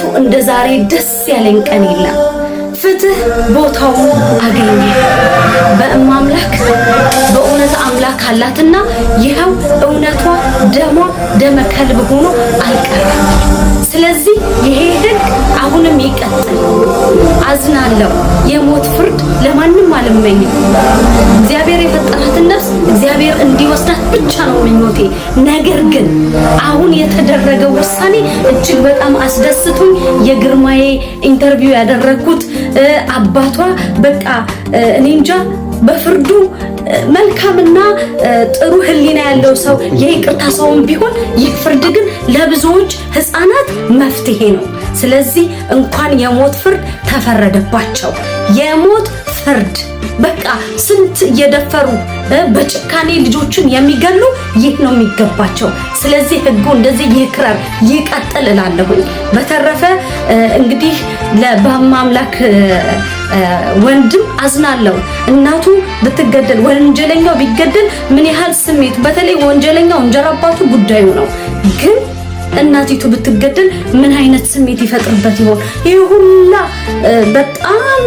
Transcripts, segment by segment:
በእውነቱ እንደ ዛሬ ደስ ያለኝ ቀን የለም። ፍትህ ቦታው አገኘ። በእማምላክ በእውነት አምላክ አላትና ይኸው እውነቷ ደሟ ደመ ከልብ ሆኖ አልቀረም። ስለዚህ ይሄ ህግ አሁንም ይቀጥል። አዝናለሁ። የሞት ፍርድ ለማንም አልመኝም። እግዚአብሔር የፈጠራትን ነፍስ እግዚአብሔር እንዲወስዳት ብቻ ነው ምኞቴ። ነገር ግን አሁን የተደረገው ውሳኔ እጅግ በጣም አስደስቶኝ የግርማዬ ኢንተርቪው ያደረግኩት አባቷ በቃ እኔ እንጃ በፍርዱ መልካምና ጥሩ ሕሊና ያለው ሰው የይቅርታ ሰውም ቢሆን ይህ ፍርድ ግን ለብዙዎች ሕፃናት መፍትሄ ነው። ስለዚህ እንኳን የሞት ፍርድ ተፈረደባቸው። የሞት ፍርድ በቃ ስንት የደፈሩ በጭካኔ ልጆችን የሚገሉ ይህ ነው የሚገባቸው። ስለዚህ ህጉ እንደዚህ ይክረር ይቀጥል እላለሁኝ። በተረፈ እንግዲህ በማምላክ ወንድም አዝናለው። እናቱ ብትገደል ወንጀለኛው ቢገደል ምን ያህል ስሜት በተለይ ወንጀለኛው እንጀራ አባቱ ጉዳዩ ነው ግን እናቲቱ ብትገደል ምን አይነት ስሜት ይፈጥርበት ይሆን? ይህ ሁላ በጣም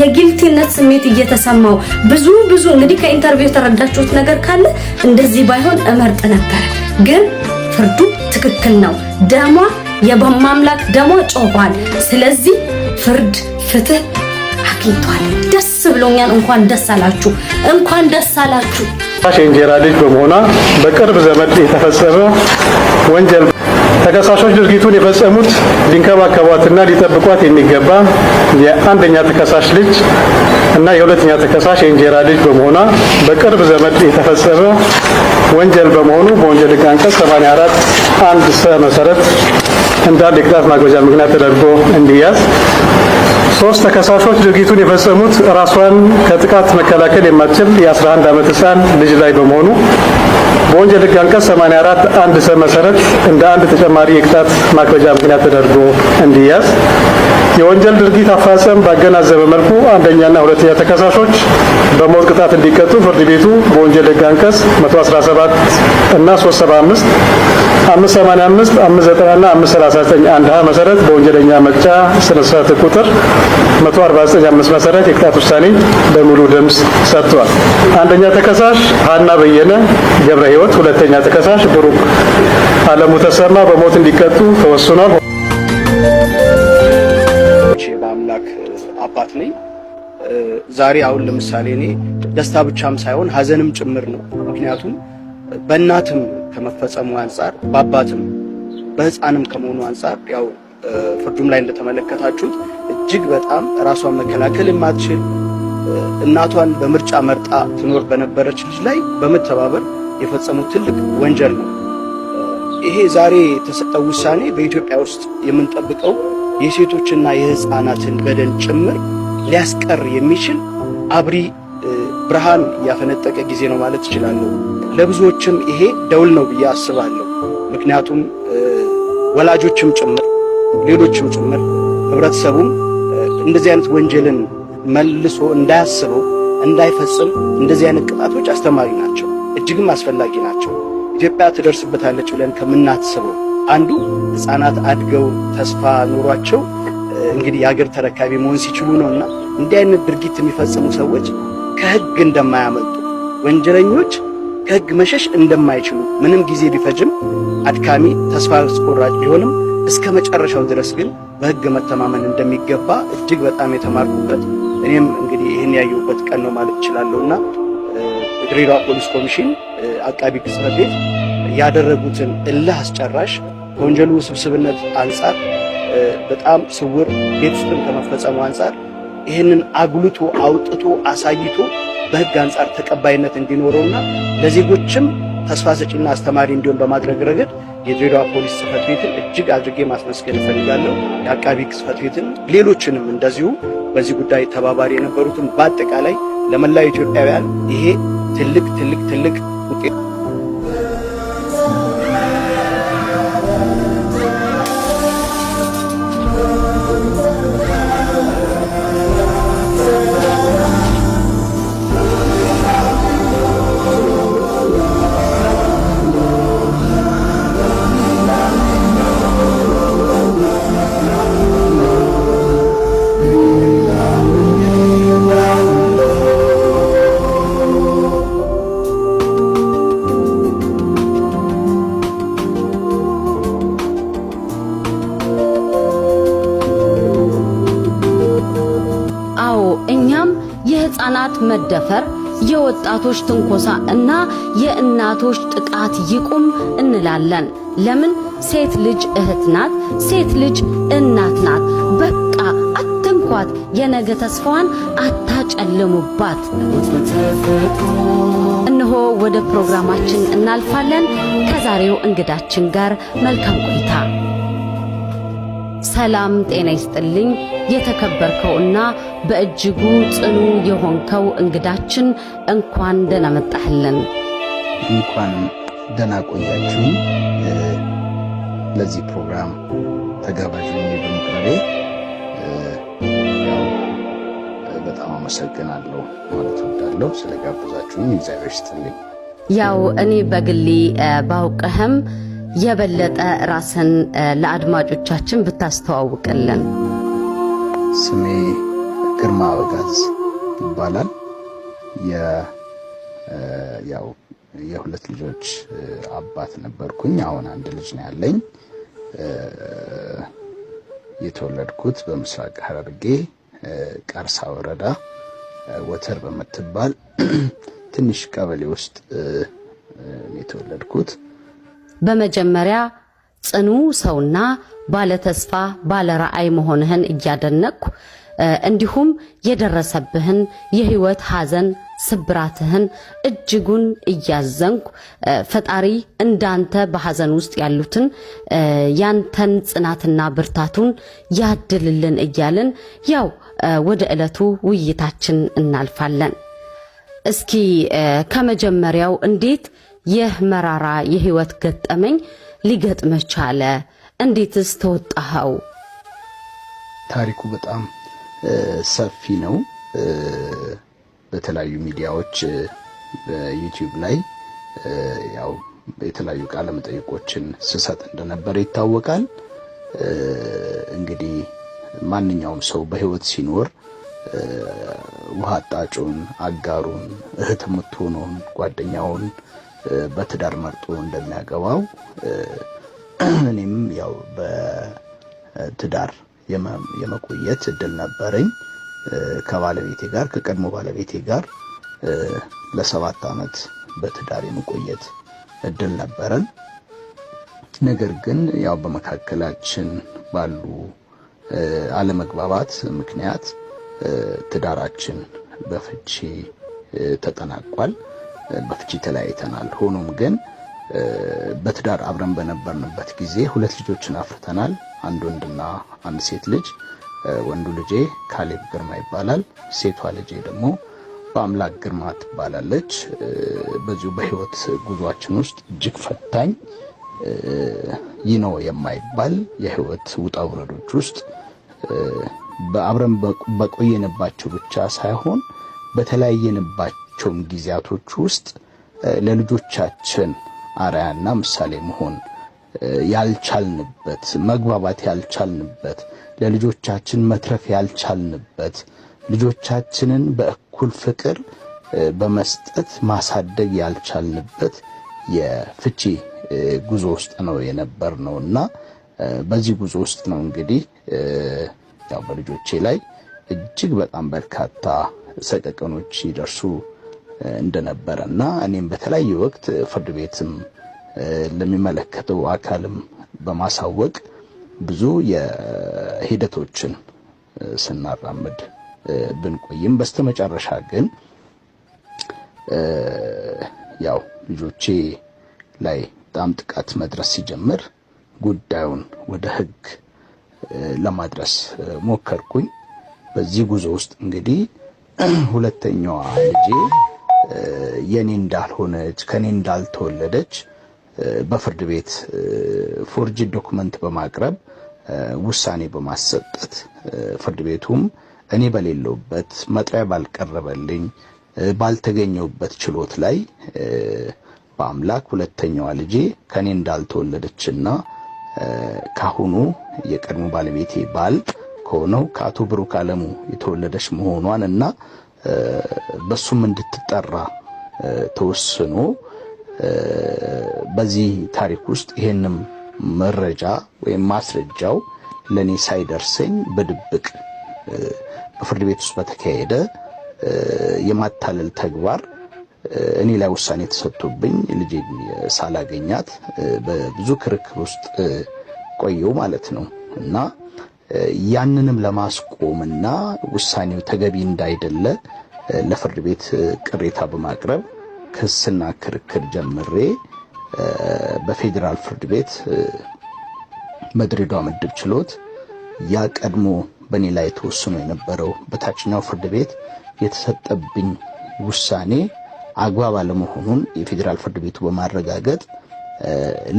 የጊልቲነት ስሜት እየተሰማው ብዙ ብዙ እንግዲህ ከኢንተርቪው የተረዳችሁት ነገር ካለ እንደዚህ ባይሆን እመርጥ ነበር፣ ግን ፍርዱ ትክክል ነው። ደሟ የበማምላክ ደሟ ጮኋል። ስለዚህ ፍርድ፣ ፍትህ አግኝቷል። ደስ ብሎኛል። እንኳን ደስ አላችሁ፣ እንኳን ደስ አላችሁ። የእንጀራ ልጅ በመሆኗ በቅርብ ዘመድ የተፈጸመ ወንጀል ተከሳሾች ድርጊቱን የፈጸሙት ሊንከባከቧትና ሊጠብቋት የሚገባ የአንደኛ ተከሳሽ ልጅ እና የሁለተኛ ተከሳሽ የእንጀራ ልጅ በመሆኗ በቅርብ ዘመድ የተፈጸመ ወንጀል በመሆኑ በወንጀል ሕግ አንቀጽ 84 አንድ ሰ መሰረት እንዳለ የቅጣት ማክበጃ ምክንያት ተደርጎ እንዲያዝ ሶስት ተከሳሾች ድርጊቱን የፈጸሙት ራሷን ከጥቃት መከላከል የማትችል የ11 ዓመት ህፃን ልጅ ላይ በመሆኑ በወንጀል ህግ አንቀጽ 84 አንድ ሰ መሰረት እንደ አንድ ተጨማሪ የቅጣት ማክበጃ ምክንያት ተደርጎ እንዲያዝ የወንጀል ድርጊት አፋጸም ባገናዘበ መልኩ አንደኛና ሁለተኛ ተከሳሾች በሞት ቅጣት እንዲቀጡ ፍርድ ቤቱ በወንጀል ህግ አንቀጽ 117 እና 375 585 ሰማንያ አምስት አንድ ሀ መሰረት በወንጀለኛ መቅጫ ስነ ስርዓት ቁጥር መቶ መሰረት የቅጣት ውሳኔ በሙሉ ድምፅ ሰጥቷል። አንደኛ ተከሳሽ ሀና በየነ ገብረ ህይወት ሁለተኛ ተከሳሽ ብሩክ አለሙ ተሰማ በሞት እንዲቀጡ ተወስኗል። በአምላክ አባት ነኝ። ዛሬ አሁን ለምሳሌ እኔ ደስታ ብቻም ሳይሆን ሀዘንም ጭምር ነው። ምክንያቱም በእናትም ከመፈጸሙ አንጻር በአባትም በህፃንም ከመሆኑ አንጻር ያው ፍርዱም ላይ እንደተመለከታችሁት እጅግ በጣም ራሷን መከላከል የማትችል እናቷን በምርጫ መርጣ ትኖር በነበረች ልጅ ላይ በመተባበር የፈጸሙት ትልቅ ወንጀል ነው። ይሄ ዛሬ የተሰጠው ውሳኔ በኢትዮጵያ ውስጥ የምንጠብቀው የሴቶችና የህፃናትን በደል ጭምር ሊያስቀር የሚችል አብሪ ብርሃን ያፈነጠቀ ጊዜ ነው ማለት እችላለሁ። ለብዙዎችም ይሄ ደውል ነው ብዬ አስባለሁ። ምክንያቱም ወላጆችም ጭምር ሌሎችም ጭምር ህብረተሰቡም እንደዚህ አይነት ወንጀልን መልሶ እንዳያስበው እንዳይፈጽም እንደዚህ አይነት ቅጣቶች አስተማሪ ናቸው፣ እጅግም አስፈላጊ ናቸው። ኢትዮጵያ ትደርስበታለች ብለን ከምናስበው አንዱ ህፃናት አድገው ተስፋ ኑሯቸው እንግዲህ የሀገር ተረካቢ መሆን ሲችሉ ነውና እንዲህ አይነት ድርጊት የሚፈጽሙ ሰዎች ከህግ እንደማያመልጡ ወንጀለኞች ከህግ መሸሽ እንደማይችሉ ምንም ጊዜ ቢፈጅም አድካሚ ተስፋ አስቆራጭ ቢሆንም እስከ መጨረሻው ድረስ ግን በህግ መተማመን እንደሚገባ እጅግ በጣም የተማርኩበት እኔም እንግዲህ ይህን ያየሁበት ቀን ነው ማለት እችላለሁ እና ድሬዳዋ ፖሊስ ኮሚሽን አቃቢ ጽሕፈት ቤት ያደረጉትን እልህ አስጨራሽ ከወንጀሉ ውስብስብነት አንጻር በጣም ስውር ቤት ውስጥም ከመፈጸሙ አንጻር ይህንን አጉልቶ አውጥቶ አሳይቶ በህግ አንጻር ተቀባይነት እንዲኖረውና ለዜጎችም ተስፋ ሰጪና አስተማሪ እንዲሆን በማድረግ ረገድ የድሬዳዋ ፖሊስ ጽፈት ቤትን እጅግ አድርጌ ማስመስገን እፈልጋለሁ። የአቃቢ ህግ ጽህፈት ቤትን፣ ሌሎችንም እንደዚሁ በዚህ ጉዳይ ተባባሪ የነበሩትን በአጠቃላይ ለመላው ኢትዮጵያውያን ይሄ ትልቅ ትልቅ ትልቅ ውጤት መደፈር፣ የወጣቶች ትንኮሳ እና የእናቶች ጥቃት ይቁም እንላለን። ለምን? ሴት ልጅ እህት ናት። ሴት ልጅ እናት ናት። በቃ አትንኳት። የነገ ተስፋዋን አታጨልሙባት። እነሆ ወደ ፕሮግራማችን እናልፋለን። ከዛሬው እንግዳችን ጋር መልካም ቆይታ ሰላም ጤና ይስጥልኝ። የተከበርከውና በእጅጉ ጽኑ የሆንከው እንግዳችን እንኳን ደህና መጣህልን። እንኳን ደህና ቆያችሁ። ለዚህ ፕሮግራም ተጋባዥ በመቅረቤ በጣም አመሰግናለሁ ማለት እወዳለሁ። ስለጋበዛችሁኝ እግዚአብሔር ይስጥልኝ። ያው እኔ በግሌ ባውቅህም የበለጠ ራስን ለአድማጮቻችን ብታስተዋውቅልን። ስሜ ግርማ አበጋዝ ይባላል። ያው የሁለት ልጆች አባት ነበርኩኝ። አሁን አንድ ልጅ ነው ያለኝ። የተወለድኩት በምስራቅ ሐረርጌ ቀርሳ ወረዳ ወተር በምትባል ትንሽ ቀበሌ ውስጥ የተወለድኩት በመጀመሪያ ጽኑ ሰውና ባለተስፋ ባለራዕይ መሆንህን እያደነቅኩ እንዲሁም የደረሰብህን የህይወት ሐዘን ስብራትህን እጅጉን እያዘንኩ ፈጣሪ እንዳንተ በሐዘን ውስጥ ያሉትን ያንተን ጽናትና ብርታቱን ያድልልን እያልን ያው ወደ ዕለቱ ውይይታችን እናልፋለን። እስኪ ከመጀመሪያው እንዴት ይህ መራራ የህይወት ገጠመኝ ሊገጥምህ ቻለ? እንዴትስ ተወጣኸው? ታሪኩ በጣም ሰፊ ነው። በተለያዩ ሚዲያዎች በዩቲዩብ ላይ ያው የተለያዩ ቃለ መጠይቆችን ስሰጥ እንደነበረ ይታወቃል። እንግዲህ ማንኛውም ሰው በህይወት ሲኖር ውሃ አጣጩን፣ አጋሩን፣ እህት የምትሆነውን ጓደኛውን በትዳር መርጦ እንደሚያገባው እኔም ያው በትዳር የመቆየት እድል ነበረኝ። ከባለቤቴ ጋር ከቀድሞ ባለቤቴ ጋር ለሰባት ዓመት በትዳር የመቆየት እድል ነበረን። ነገር ግን ያው በመካከላችን ባሉ አለመግባባት ምክንያት ትዳራችን በፍቺ ተጠናቋል። በፍቺ ተለያይተናል። ሆኖም ግን በትዳር አብረን በነበርንበት ጊዜ ሁለት ልጆችን አፍርተናል። አንድ ወንድና አንድ ሴት ልጅ። ወንዱ ልጄ ካሌብ ግርማ ይባላል። ሴቷ ልጄ ደግሞ በአምላክ ግርማ ትባላለች። በዚሁ በህይወት ጉዟችን ውስጥ እጅግ ፈታኝ ይህ ነው የማይባል የህይወት ውጣ ውረዶች ውስጥ በአብረን በቆየንባቸው ብቻ ሳይሆን በተለያየንባቸው በማናቸውም ጊዜያቶች ውስጥ ለልጆቻችን አርያና ምሳሌ መሆን ያልቻልንበት መግባባት ያልቻልንበት ለልጆቻችን መትረፍ ያልቻልንበት ልጆቻችንን በእኩል ፍቅር በመስጠት ማሳደግ ያልቻልንበት የፍቺ ጉዞ ውስጥ ነው የነበር ነው እና በዚህ ጉዞ ውስጥ ነው እንግዲህ ያው በልጆቼ ላይ እጅግ በጣም በርካታ ሰቀቀኖች ይደርሱ እንደነበረ እና እኔም በተለያየ ወቅት ፍርድ ቤትም ለሚመለከተው አካልም በማሳወቅ ብዙ የሂደቶችን ስናራምድ ብንቆይም በስተመጨረሻ ግን ያው ልጆቼ ላይ በጣም ጥቃት መድረስ ሲጀምር ጉዳዩን ወደ ሕግ ለማድረስ ሞከርኩኝ። በዚህ ጉዞ ውስጥ እንግዲህ ሁለተኛዋ ልጄ የኔ እንዳልሆነች ከኔ እንዳልተወለደች በፍርድ ቤት ፎርጅ ዶክመንት በማቅረብ ውሳኔ በማሰጠት ፍርድ ቤቱም እኔ በሌለውበት መጥሪያ ባልቀረበልኝ ባልተገኘውበት ችሎት ላይ በአምላክ ሁለተኛዋ ልጄ ከኔ እንዳልተወለደችና ካሁኑ የቀድሞ ባለቤቴ ባል ከሆነው ከአቶ ብሩክ አለሙ የተወለደች መሆኗን እና በሱም እንድትጠራ ተወስኖ በዚህ ታሪክ ውስጥ ይሄንም መረጃ ወይም ማስረጃው ለእኔ ሳይደርሰኝ በድብቅ በፍርድ ቤት ውስጥ በተካሄደ የማታለል ተግባር እኔ ላይ ውሳኔ ተሰጥቶብኝ ልጅ ሳላገኛት በብዙ ክርክር ውስጥ ቆየው ማለት ነው እና ያንንም ለማስቆምና ውሳኔው ተገቢ እንዳይደለ ለፍርድ ቤት ቅሬታ በማቅረብ ክስና ክርክር ጀምሬ በፌዴራል ፍርድ ቤት መድሬዳዋ ምድብ ችሎት ያ ቀድሞ በእኔ ላይ ተወስኖ የነበረው በታችኛው ፍርድ ቤት የተሰጠብኝ ውሳኔ አግባብ አለመሆኑን የፌዴራል ፍርድ ቤቱ በማረጋገጥ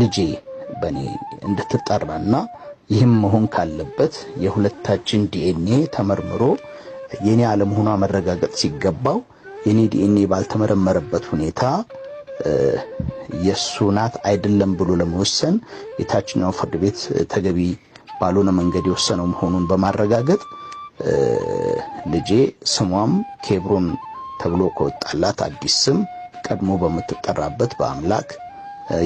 ልጄ በእኔ እንድትጠራና ይህም መሆን ካለበት የሁለታችን ዲኤንኤ ተመርምሮ የኔ አለመሆኗ መረጋገጥ ሲገባው የኔ ዲኤንኤ ባልተመረመረበት ሁኔታ የእሱ ናት አይደለም ብሎ ለመወሰን የታችኛው ፍርድ ቤት ተገቢ ባልሆነ መንገድ የወሰነው መሆኑን በማረጋገጥ ልጄ ስሟም ኬብሮን ተብሎ ከወጣላት አዲስ ስም ቀድሞ በምትጠራበት በአምላክ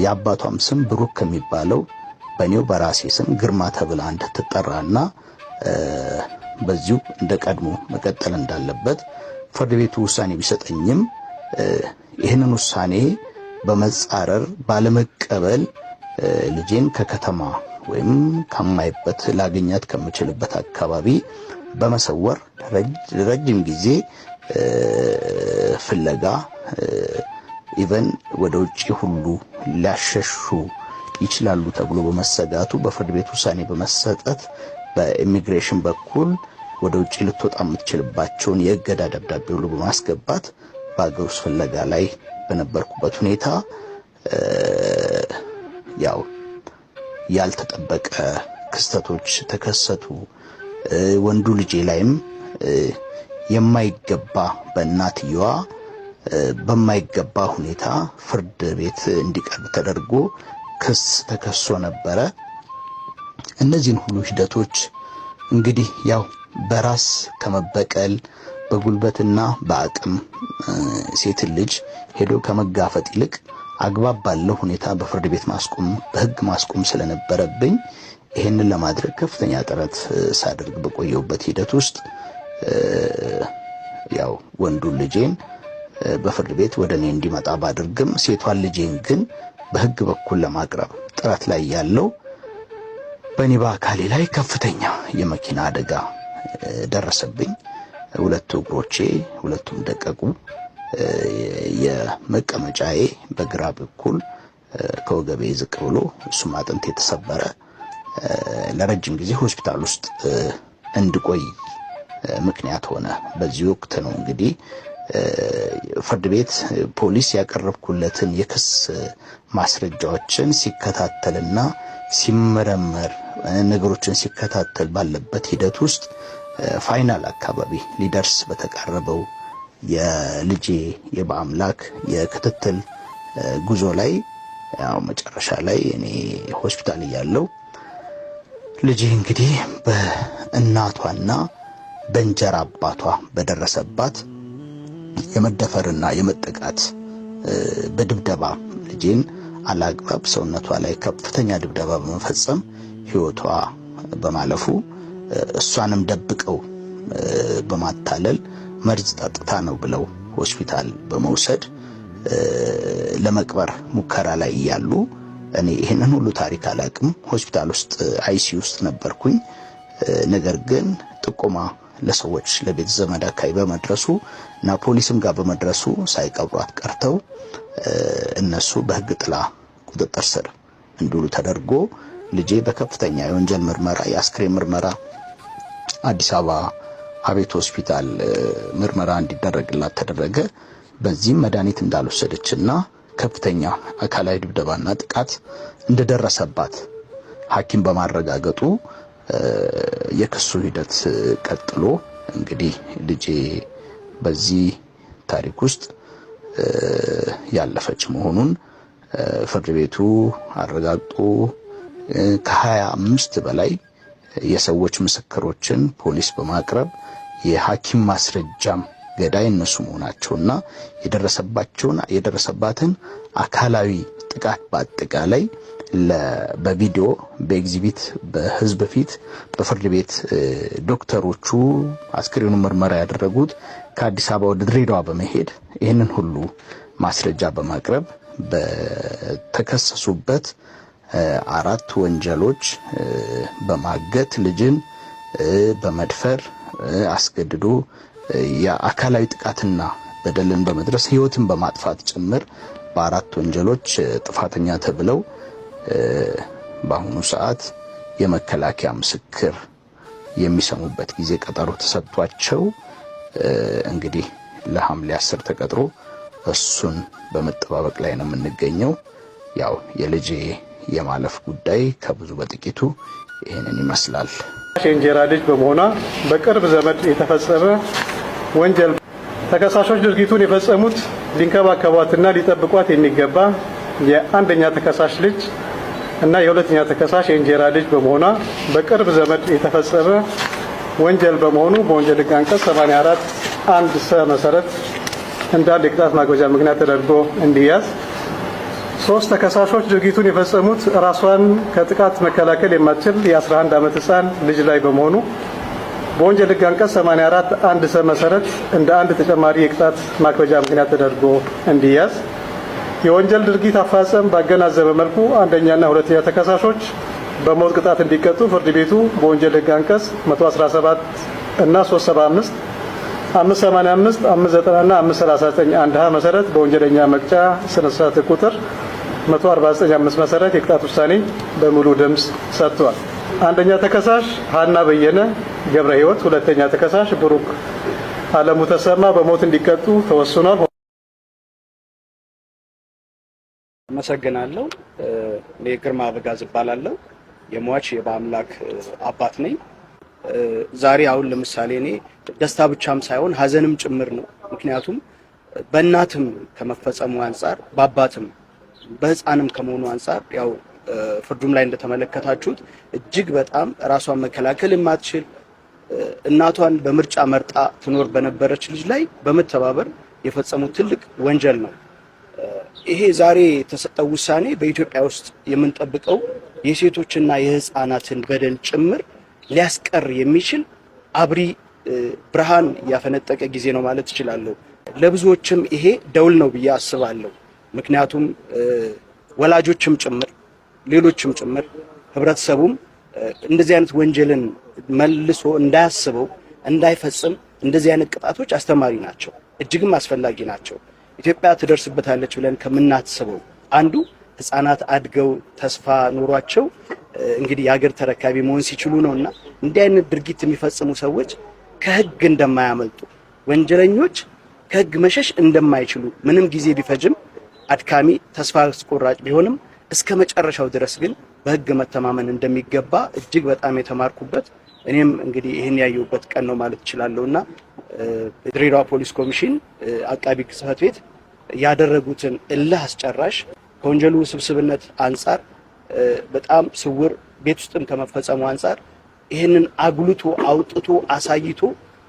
የአባቷም ስም ብሩክ ከሚባለው በእኔው በራሴ ስም ግርማ ተብላ እንድትጠራና በዚሁ እንደ ቀድሞ መቀጠል እንዳለበት ፍርድ ቤቱ ውሳኔ ቢሰጠኝም ይህንን ውሳኔ በመጻረር ባለመቀበል ልጄን ከከተማ ወይም ከማይበት ላገኛት ከምችልበት አካባቢ በመሰወር ረጅም ጊዜ ፍለጋ ኢቨን ወደ ውጭ ሁሉ ሊያሸሹ ይችላሉ ተብሎ በመሰጋቱ በፍርድ ቤት ውሳኔ በመሰጠት በኢሚግሬሽን በኩል ወደ ውጭ ልትወጣ የምትችልባቸውን የእገዳ ደብዳቤ ሁሉ በማስገባት በሀገር ውስጥ ፍለጋ ላይ በነበርኩበት ሁኔታ ያው ያልተጠበቀ ክስተቶች ተከሰቱ። ወንዱ ልጄ ላይም የማይገባ በእናትየዋ በማይገባ ሁኔታ ፍርድ ቤት እንዲቀርብ ተደርጎ ክስ ተከሶ ነበረ። እነዚህን ሁሉ ሂደቶች እንግዲህ ያው በራስ ከመበቀል በጉልበትና በአቅም ሴትን ልጅ ሄዶ ከመጋፈጥ ይልቅ አግባብ ባለው ሁኔታ በፍርድ ቤት ማስቆም በህግ ማስቆም ስለነበረብኝ ይህንን ለማድረግ ከፍተኛ ጥረት ሳደርግ በቆየውበት ሂደት ውስጥ ያው ወንዱን ልጄን በፍርድ ቤት ወደ እኔ እንዲመጣ ባድርግም ሴቷን ልጄን ግን በህግ በኩል ለማቅረብ ጥረት ላይ ያለው በኒባ አካሌ ላይ ከፍተኛ የመኪና አደጋ ደረሰብኝ። ሁለቱ እግሮቼ ሁለቱም ደቀቁ። የመቀመጫዬ በግራ በኩል ከወገቤ ዝቅ ብሎ እሱም አጥንት የተሰበረ ለረጅም ጊዜ ሆስፒታል ውስጥ እንድቆይ ምክንያት ሆነ። በዚህ ወቅት ነው እንግዲህ ፍርድ ቤት ፖሊስ ያቀረብኩለትን የክስ ማስረጃዎችን ሲከታተልና ሲመረመር ነገሮችን ሲከታተል ባለበት ሂደት ውስጥ ፋይናል አካባቢ ሊደርስ በተቃረበው የልጄ የበአምላክ የክትትል ጉዞ ላይ ያው መጨረሻ ላይ እኔ ሆስፒታል እያለው ልጄ እንግዲህ በእናቷና በእንጀራ አባቷ በደረሰባት የመደፈርና የመጠቃት በድብደባ ልጄን አላግባብ ሰውነቷ ላይ ከፍተኛ ድብደባ በመፈጸም ህይወቷ በማለፉ እሷንም ደብቀው በማታለል መርዝ ጠጥታ ነው ብለው ሆስፒታል በመውሰድ ለመቅበር ሙከራ ላይ እያሉ እኔ ይህንን ሁሉ ታሪክ አላቅም። ሆስፒታል ውስጥ አይሲ ውስጥ ነበርኩኝ። ነገር ግን ጥቆማ ለሰዎች ለቤተ ዘመድ አካባቢ በመድረሱ እና ፖሊስም ጋር በመድረሱ ሳይቀብሯት ቀርተው እነሱ በህግ ጥላ ቁጥጥር ስር እንዲውሉ ተደርጎ ልጄ በከፍተኛ የወንጀል ምርመራ የአስክሬን ምርመራ አዲስ አበባ አቤት ሆስፒታል ምርመራ እንዲደረግላት ተደረገ። በዚህም መድኃኒት እና ከፍተኛ አካላዊ ድብደባና ጥቃት እንደደረሰባት ሐኪም በማረጋገጡ የክሱ ሂደት ቀጥሎ እንግዲህ ልጄ በዚህ ታሪክ ውስጥ ያለፈች መሆኑን ፍርድ ቤቱ አረጋግጦ ከሀያ አምስት በላይ የሰዎች ምስክሮችን ፖሊስ በማቅረብ የሐኪም ማስረጃም ገዳይ እነሱ መሆናቸውና የደረሰባቸውን የደረሰባትን አካላዊ ጥቃት በአጠቃላይ በቪዲዮ በኤግዚቢት በህዝብ ፊት በፍርድ ቤት ዶክተሮቹ አስክሬኑ ምርመራ ያደረጉት ከአዲስ አበባ ወደ ድሬዳዋ በመሄድ ይህንን ሁሉ ማስረጃ በማቅረብ በተከሰሱበት አራት ወንጀሎች በማገት ልጅን በመድፈር አስገድዶ የአካላዊ ጥቃትና በደልን በመድረስ ሕይወትን በማጥፋት ጭምር በአራት ወንጀሎች ጥፋተኛ ተብለው በአሁኑ ሰዓት የመከላከያ ምስክር የሚሰሙበት ጊዜ ቀጠሮ ተሰጥቷቸው እንግዲህ ለሐምሌ አስር ተቀጥሮ እሱን በመጠባበቅ ላይ ነው የምንገኘው። ያው የልጄ የማለፍ ጉዳይ ከብዙ በጥቂቱ ይህንን ይመስላል። የእንጀራ ልጅ በመሆኗ በቅርብ ዘመድ የተፈጸመ ወንጀል ተከሳሾች ድርጊቱን የፈጸሙት ሊንከባከቧትና ሊጠብቋት የሚገባ የአንደኛ ተከሳሽ ልጅ እና የሁለተኛ ተከሳሽ የእንጀራ ልጅ በመሆኗ በቅርብ ዘመድ የተፈጸመ ወንጀል በመሆኑ በወንጀል ሕግ አንቀጽ 84 አንድ ሰ መሰረት እንዳንድ የቅጣት ማክበጃ ምክንያት ተደርጎ እንዲያዝ። ሶስት ተከሳሾች ድርጊቱን የፈጸሙት ራሷን ከጥቃት መከላከል የማትችል የ11 ዓመት ህፃን ልጅ ላይ በመሆኑ በወንጀል ሕግ አንቀጽ 84 አንድ ሰ መሰረት እንደ አንድ ተጨማሪ የቅጣት ማክበጃ ምክንያት ተደርጎ እንዲያዝ። የወንጀል ድርጊት አፋጸም ባገናዘበ መልኩ አንደኛና ሁለተኛ ተከሳሾች በሞት ቅጣት እንዲቀጡ ፍርድ ቤቱ በወንጀል ህግ አንቀጽ 117 እና 375 585 590 እና 539 አንድ ሀ መሰረት በወንጀለኛ መቅጫ ስነ ስርዓት ቁጥር 1495 መሰረት የቅጣት ውሳኔ በሙሉ ድምፅ ሰጥቷል። አንደኛ ተከሳሽ ሀና በየነ ገብረ ህይወት፣ ሁለተኛ ተከሳሽ ብሩክ አለሙ ተሰማ በሞት እንዲቀጡ ተወስኗል። አመሰግናለሁ። እኔ ግርማ በጋዝ እባላለሁ። የሟች የበአምላክ አባት ነኝ። ዛሬ አሁን ለምሳሌ እኔ ደስታ ብቻም ሳይሆን ሀዘንም ጭምር ነው። ምክንያቱም በእናትም ከመፈጸሙ አንጻር በአባትም በህፃንም ከመሆኑ አንጻር ያው ፍርዱም ላይ እንደተመለከታችሁት እጅግ በጣም ራሷን መከላከል የማትችል እናቷን በምርጫ መርጣ ትኖር በነበረች ልጅ ላይ በመተባበር የፈጸሙት ትልቅ ወንጀል ነው። ይሄ ዛሬ የተሰጠው ውሳኔ በኢትዮጵያ ውስጥ የምንጠብቀው የሴቶችና የህፃናትን በደል ጭምር ሊያስቀር የሚችል አብሪ ብርሃን ያፈነጠቀ ጊዜ ነው ማለት እችላለሁ። ለብዙዎችም ይሄ ደውል ነው ብዬ አስባለሁ። ምክንያቱም ወላጆችም ጭምር ሌሎችም ጭምር ህብረተሰቡም እንደዚህ አይነት ወንጀልን መልሶ እንዳያስበው እንዳይፈጽም እንደዚህ አይነት ቅጣቶች አስተማሪ ናቸው፣ እጅግም አስፈላጊ ናቸው። ኢትዮጵያ ትደርስበታለች ብለን ከምናስበው አንዱ ህጻናት አድገው ተስፋ ኑሯቸው እንግዲህ የሀገር ተረካቢ መሆን ሲችሉ ነው እና እንዲህ አይነት ድርጊት የሚፈጽሙ ሰዎች ከህግ እንደማያመልጡ ወንጀለኞች ከህግ መሸሽ እንደማይችሉ ምንም ጊዜ ቢፈጅም አድካሚ ተስፋ አስቆራጭ ቢሆንም እስከ መጨረሻው ድረስ ግን በህግ መተማመን እንደሚገባ እጅግ በጣም የተማርኩበት እኔም እንግዲህ ይህን ያየሁበት ቀን ነው ማለት እችላለሁ እና የድሬዳዋ ፖሊስ ኮሚሽን አቃቢ ጽህፈት ቤት ያደረጉትን እልህ አስጨራሽ ከወንጀሉ ውስብስብነት አንጻር በጣም ስውር ቤት ውስጥም ከመፈጸሙ አንጻር ይህንን አጉልቶ አውጥቶ አሳይቶ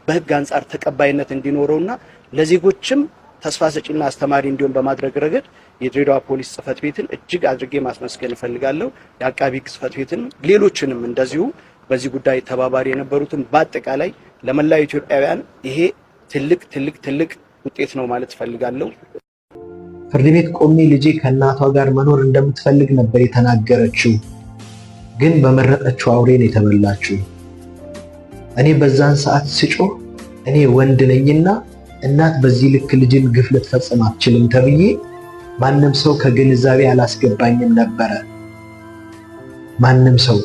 በህግ አንጻር ተቀባይነት እንዲኖረውና ለዜጎችም ተስፋ ሰጪና አስተማሪ እንዲሆን በማድረግ ረገድ የድሬዳዋ ፖሊስ ጽህፈት ቤትን እጅግ አድርጌ ማስመስገን እፈልጋለሁ። የአቃቢ ህግ ጽፈት ቤትን፣ ሌሎችንም እንደዚሁ በዚህ ጉዳይ ተባባሪ የነበሩትን በአጠቃላይ ለመላው ኢትዮጵያውያን ይሄ ትልቅ ትልቅ ትልቅ ውጤት ነው ማለት እፈልጋለሁ። ፍርድ ቤት ቆሜ ልጄ ከእናቷ ጋር መኖር እንደምትፈልግ ነበር የተናገረችው፣ ግን በመረጠችው አውሬ ነው የተበላችው። እኔ በዛን ሰዓት ስጮህ እኔ ወንድ ነኝና እናት በዚህ ልክ ልጅን ግፍ ልትፈጽም አትችልም ተብዬ ማንም ሰው ከግንዛቤ አላስገባኝም ነበረ። ማንም ሰው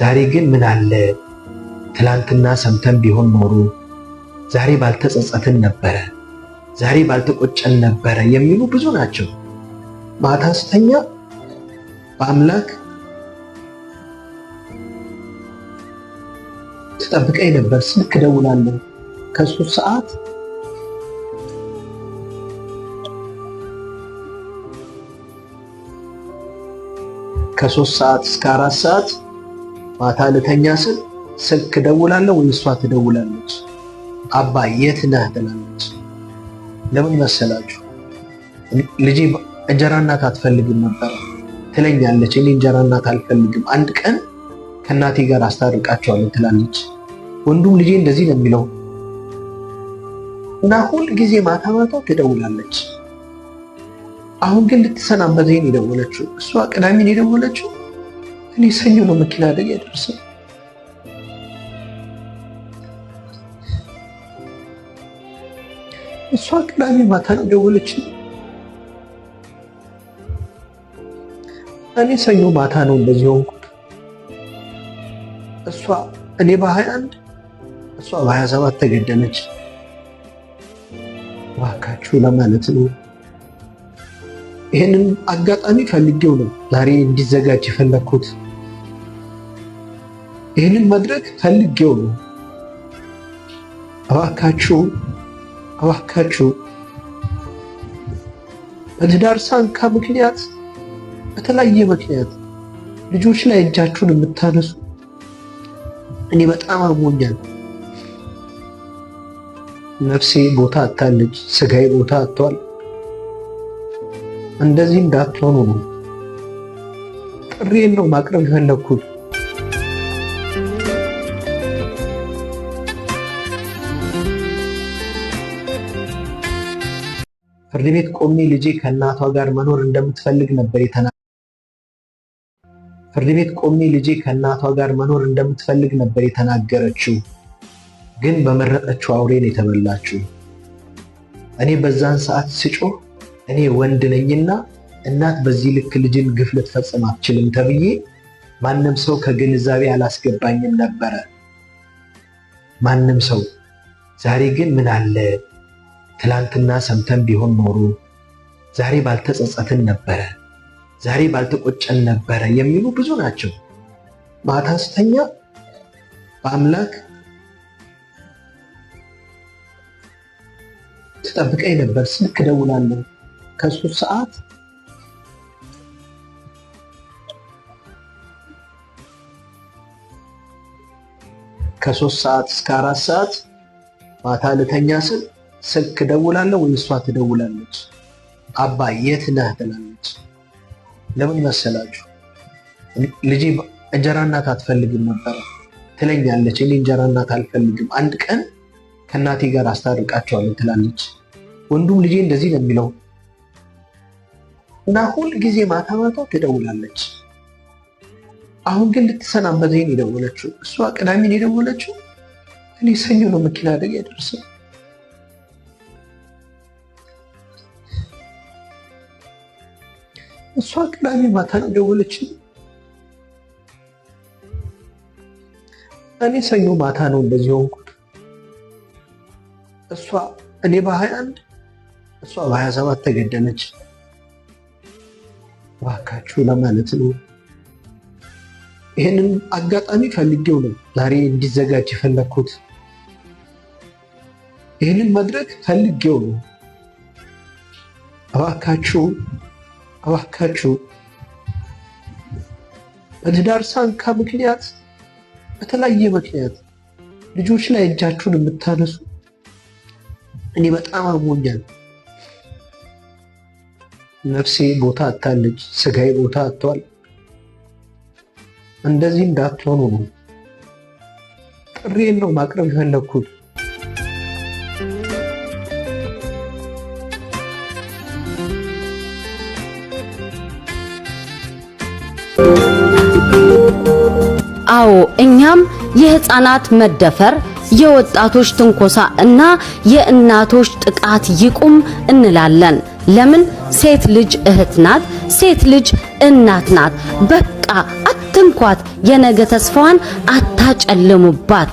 ዛሬ ግን ምን አለ ትላንትና ሰምተን ቢሆን ኖሮ ዛሬ ባልተጸጸትን ነበረ። ዛሬ ባልተቆጨን ነበረ የሚሉ ብዙ ናቸው። ማታ ስተኛ በአምላክ ተጠብቀኝ ነበር፣ ስልክ እደውላለሁ ከሶስት ሰዓት ከሶስት ሰዓት እስከ አራት ሰዓት ማታ ልተኛ ስል ስልክ ደውላለሁ ወይ እሷ ትደውላለች። አባ የት ነህ ትላለች። ለምን መሰላችሁ? ልጄ እንጀራ እናት አትፈልግም ነበር ትለኛለች። እኔ እንጀራ እናት አልፈልግም፣ አንድ ቀን ከእናቴ ጋር አስታርቃቸዋለን ትላለች። ወንዱም ልጄ እንደዚህ ነው የሚለው እና ሁል ጊዜ ማታ ማታ ትደውላለች። አሁን ግን ልትሰናበት ነው የደወለችው። እሷ ቀዳሚ ነው የደወለችው። እኔ ሰኞ ነው መኪና አደጋ ያደርሰው እሷ ቅዳሜ ማታ ደወለች። እኔ ሰኞ ማታ ነው እንደዚህ ሆንኩት። እሷ እኔ በ21 እሷ በሀያ ሰባት ተገደለች። እባካችሁ ለማለት ነው። ይህንን አጋጣሚ ፈልጌው ነው ዛሬ እንዲዘጋጅ የፈለግኩት። ይህንን መድረክ ፈልጌው ነው። እባካችሁ እባካችሁ በትዳር ሳንካ ምክንያት በተለያየ ምክንያት ልጆች ላይ እጃችሁን የምታነሱ እኔ በጣም አሞኛል። ነፍሴ ቦታ አታለች፣ ስጋዬ ቦታ አጥቷል። እንደዚህ እንዳትሆኑ ነው ጥሬን ነው ማቅረብ የፈለግኩት። ፍርድ ቤት ቆሜ ልጄ ከእናቷ ጋር መኖር እንደምትፈልግ ነበር የተናገረው። ፍርድ ቤት ቆሜ ልጄ ከእናቷ ጋር መኖር እንደምትፈልግ ነበር የተናገረችው፣ ግን በመረጠችው አውሬን የተበላችው። እኔ በዛን ሰዓት ስጮህ እኔ ወንድ ነኝና እናት በዚህ ልክ ልጅን ግፍ ልትፈጽም አትችልም ተብዬ ማንም ሰው ከግንዛቤ አላስገባኝም ነበረ። ማንም ሰው ዛሬ ግን ምን አለ ትላንትና ሰምተን ቢሆን ኖሮ ዛሬ ባልተጸጸትን ነበረ፣ ዛሬ ባልተቆጨን ነበረ የሚሉ ብዙ ናቸው። ማታ ስተኛ በአምላክ ትጠብቀኝ ነበር፣ ስልክ እደውላለሁ ከሶስት ሰዓት ከሶስት ሰዓት እስከ አራት ሰዓት ማታ ልተኛ ስል ስልክ ደውላለሁ ወይ እሷ ትደውላለች። አባ የት ነህ ትላለች። ለምን መሰላችሁ ልጅ እንጀራ እናት አትፈልግም ነበረ ትለኛለች። እኔ እንጀራ እናት አልፈልግም፣ አንድ ቀን ከእናቴ ጋር አስታርቃቸዋለሁ ትላለች። ወንዱም ልጄ እንደዚህ ነው የሚለው እና ሁል ጊዜ ማታ ማታ ትደውላለች። አሁን ግን ልትሰናበት ነው የደወለችው። እሷ ቅዳሜ ነው የደወለችው። እኔ ሰኞ ነው መኪና አደጋ ያደርሰው እሷ ቅዳሜ ማታ ደወለች። እኔ ሰኞ ማታ ነው እንደዚህ ሆንኩት። እሷ እኔ በ21 እሷ በ27 ተገደለች። እባካችሁ ለማለት ነው። ይህንን አጋጣሚ ፈልጌው ነው ዛሬ እንዲዘጋጅ የፈለግኩት። ይህንን መድረክ ፈልጌው ነው። እባካችሁ እባካችሁ በትዳር ሳንካ ምክንያት በተለያየ ምክንያት ልጆች ላይ እጃችሁን የምታነሱ እኔ በጣም አሞኛል። ነፍሴ ቦታ አታለች፣ ስጋዬ ቦታ አጥቷል። እንደዚህ እንዳትሆኑ ነው ጥሬን ነው ማቅረብ የፈለግኩት። አዎ እኛም የህፃናት መደፈር የወጣቶች ትንኮሳ እና የእናቶች ጥቃት ይቁም እንላለን። ለምን ሴት ልጅ እህት ናት፣ ሴት ልጅ እናት ናት። በቃ አትንኳት፣ የነገ ተስፋዋን አታጨልሙባት።